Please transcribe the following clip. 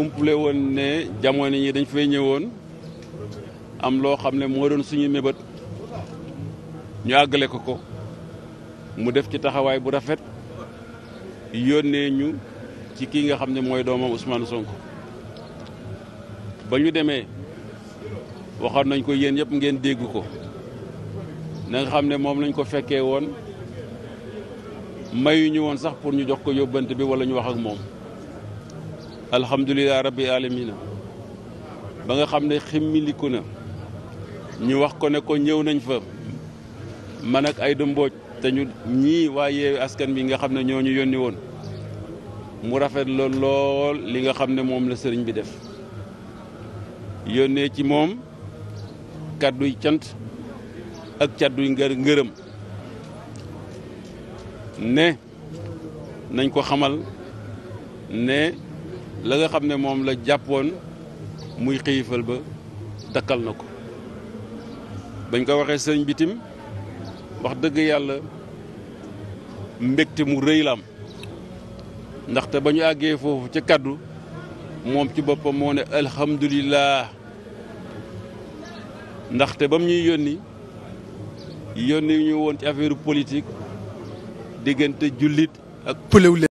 umpule woon ne jamono yi dañ fay ñëwoon am loo xam ne moo doon suñu mébét ñu àggale ko ko mu def ci taxawaay bu rafet yónnee ñu ci kii nga xam ne mooy doomam Ousmane Sonko ba ñu demee waxoon nañ ko yéen yëpp ngeen dégg ko nanga xam ne moom lañ ko fekkee woon mayuñu woon sax pour ñu jox ko yóbbante bi walla ñu wax ak moom alhamdulilah rabbi alamina ba nga xam ne ximmiliku na ñu wax ko ne ko ñëw nañ fa man ak ay dëmbooj te ñu ñii waa yeewi askan bi nga xam ne ñoo ñu yónni woon mu rafet lool lool li nga xam ne moom la sëriñ bi def yónnee ci moom kàdduy cant ak kàdduy ngër ngërëm ne nañ ko xamal ne la nga xam ne moom la jàppoon muy xiifal ba dakkal na ko bañ ko waxee sëñ bitim wax dëgg yàlla mbégte mu rëy la am ndaxte ba ñu àggee foofu ca kàddu moom ci boppam moo ne alhamdulilah ndaxte ba mu ñuy yónni yónni ñu woon ci affaire politique diggante jullit ak pëlëw